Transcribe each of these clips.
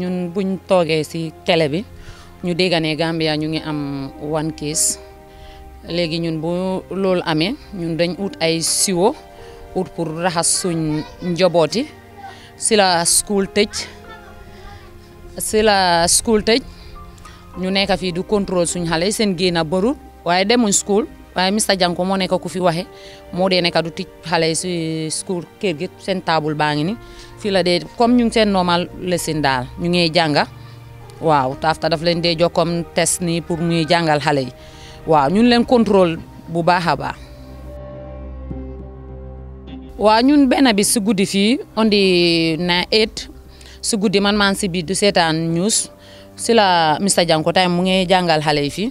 ñun buñ toogee si tele bi ñu dégg ne Gambia ñu ngi am one case léegi ñun bu loolu amee ñun dañ ut ay siwo ut pour raxas suñ njobooti ci la school tëj ci la school tëj ñu nekk fii du contrôle suñ xale seen génn a bërut waaye demuñ school waaye Mr Janko moo nekk ku fi waxe moo dee nekk du tic xale si school kër gi seen taabul baa ngi ni fii la dee comme ñu ngi seen normal lesson daal ñu ngi jànga waaw taa daf leen dee jox comme test nii pour muy jàngal xale yi waaw ñun leen contrôle bu baax a baax. waaw ñun benn bi si guddi fii ondi dit na eight si guddi man maan si biir du seetaan ñuus si la Mr Janko tey mu ngi jàngal xale yi fii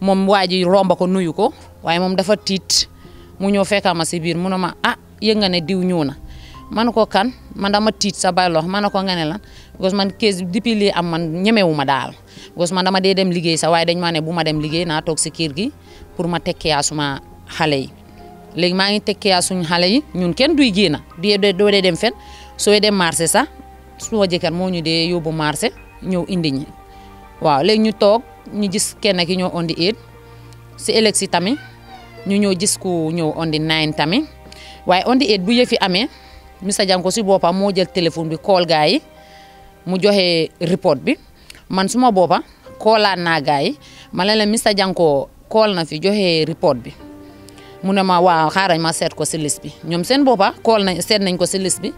moom waa ji romb ko nuyu ko. waaye moom dafa tiit mu ñëw fekkaa ma si biir mu ne ma ah yëg nga ne diw ñëw na man ko kan man dama tiit sa bay lox man na ko nga ne lan because man kees depuis lii am man ñemewu ma daal because man dama dee dem liggéey sa waaye dañ ma ne bu ma dem liggéey naa toog gi pour ma tekkiyaa suma xale yi léegi maa ngi tekkiyaa suñ xale yi ñun kenn duy génn du doo dee dem fen sooy dem marché sax suma jëkkër moo ñu dee yóbbu marché ñëw indi ñi waaw léegi ñu toog ñu gis kenn ki ñoo ondi eet si ëllëg si tamit ñu ñëw gis ku ñëw on the nine waaye on the eight bu yëfi amee Mr Janko si boppam moo jël téléphone bi call gaay mu joxe ripot bi man suma boppa koolaat naa yi ma ne leen Mr Janko call na fi joxe report bi mu ne ma waaw xaarañ ma seet ko si liste bi ñoom seen boppa call nañ seet nañ ko si liste bi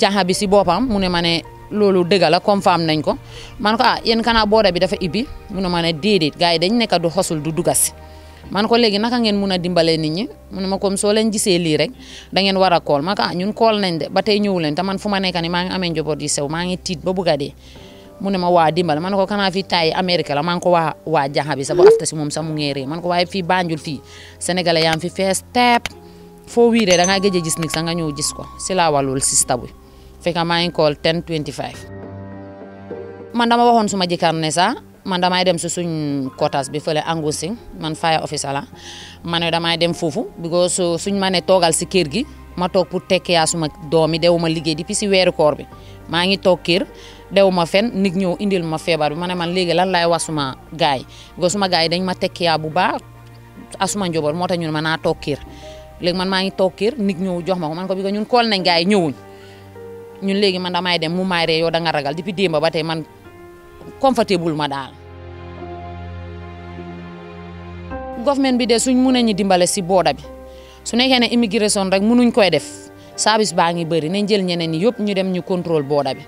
jaxa bi si boppam mu ne ma ne loolu dëgg la confirm nañ ko man ko ah yéen kanaa booda bi dafa ibbi mu ne ma ne déedéet gars yi dañ nekk du xosul du dugas man ko legi naka ngeen muna muna nit ñi mu ne ma comme soo leen gisé li rek da ngeen wara kol maka ñun kol nañ de batay tey leen ta man fuma nekk ni ma ngi amé njobor yu sew ma ngi tit ba bu a dee ma man ko kana fi tay amerika la man ko wa wa jaha bi sa bu afta si moom mu ngee man ko way fii Banjul fi sénégalais yaa ngi fi fees jis foo wiiree da nga gëj gis nit sa nga ñew gis ko si laa wàllul sista bi fekk ma ngi kol 10 25 man dama waxon suma man damay dem si suñ kotas bi fële Angousting man fire officer la ma ne damay dem foofu because suñ ma ne toogal si kër gi ma toog pour tekkiyaa suma doom yi dewu ma liggéey di depuis si weeru koor bi maa ngi toog kër dew ma fen nit ñëw indil ma feebar ma ne man léegi lan laay wax suma gaay yi suma gaay yi dañ ma tekkiyaa bu baax asuma njaboot moo ta ñun ma naa toog kër léegi man maa ngi toog kër nit ñëw jox ma ko man ko bi ko ñun kool nañ gaay yi ñëwuñ ñun léegi man damay dem mu maay ree yow da nga ragal depuis démb ba tey man comfortable ma daal. government bi de suñ mun nañu dimbale si booda bi su nekkee ne immigration rek munuñ koy def service baa ngi bëri nañ jël ñeneen ñi yëpp ñu dem ñu contrôle booda bi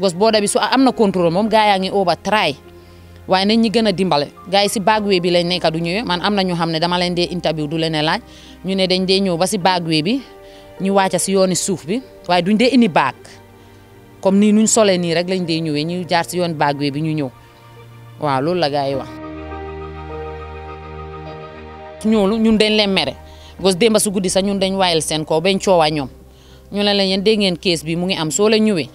gos booda bi su am na contrôle moom gaa yaa ngi over try waaye nañ ñi gën a dimbale gaa yi si bagwee bi lañ nekk du ñëwee man am na ñoo xam ne dama leen dee interview du leen laaj ñu ne dañ dee ñëw ba si bagwee bi ñu wàcca si yooni suuf bi waaye duñ dee indi baag. comme nii nuñ solee nii rek lañ dee ñëwee ñu jaar si yoon bagwe bi ñu ñëw waaw loolu la gars yi wax ñoolu ñun dañ leen mere parce que démba su guddi sax ñun dañ waayal seen ko bañ coowaa ñoom ñu ne leen yéen dégg ngeen kees bi mu ngi am soo leen ñëwee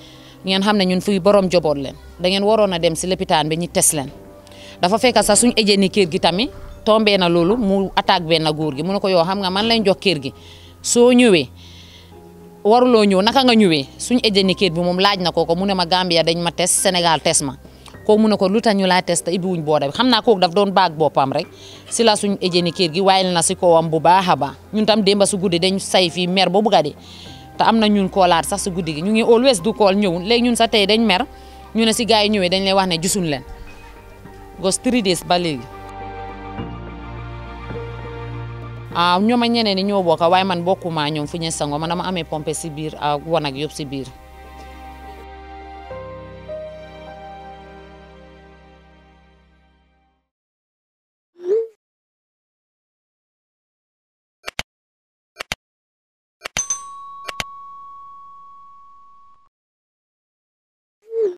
ngeen xam ne ñun fii borom joboot leen dangeen ngeen waroon a dem si lopitaan bi ñu tes leen dafa fekk sax suñ ejee ni kér gi tamit tombee na loolu mu attaque benn góor gi mu ne ko yow xam nga man lañ jox kër gi soo ñëwee waruloo ñëw naka nga ñëwee suñu éjénikéet bi moom laaj na ko ko mu ne ma Gambia dañ ma test Sénégal test ma kooku mu ne ko lu tax ñu laay test ibbi wuñ booda bi xam na kooku daf doon baag boppam rek si la suñu éjénikéet gi waayal na si kawam bu baax a baax ñun tam démba su guddi dañ say fii mer ba bugga di te am na ñun koolaat sax si guddi gi ñu ngi always du kool ñëwul léegi ñun sa tey dañ mer ñu ne si gars yi ñëwee dañ lay wax ne gisuñ leen gos three days ba léegi Ah, ñoom ak ñeneen ñi ñoo bokk waaye man bokkuma ñoom fu ñu sango man dama amee pompe si biir ah, ak wanag si biir.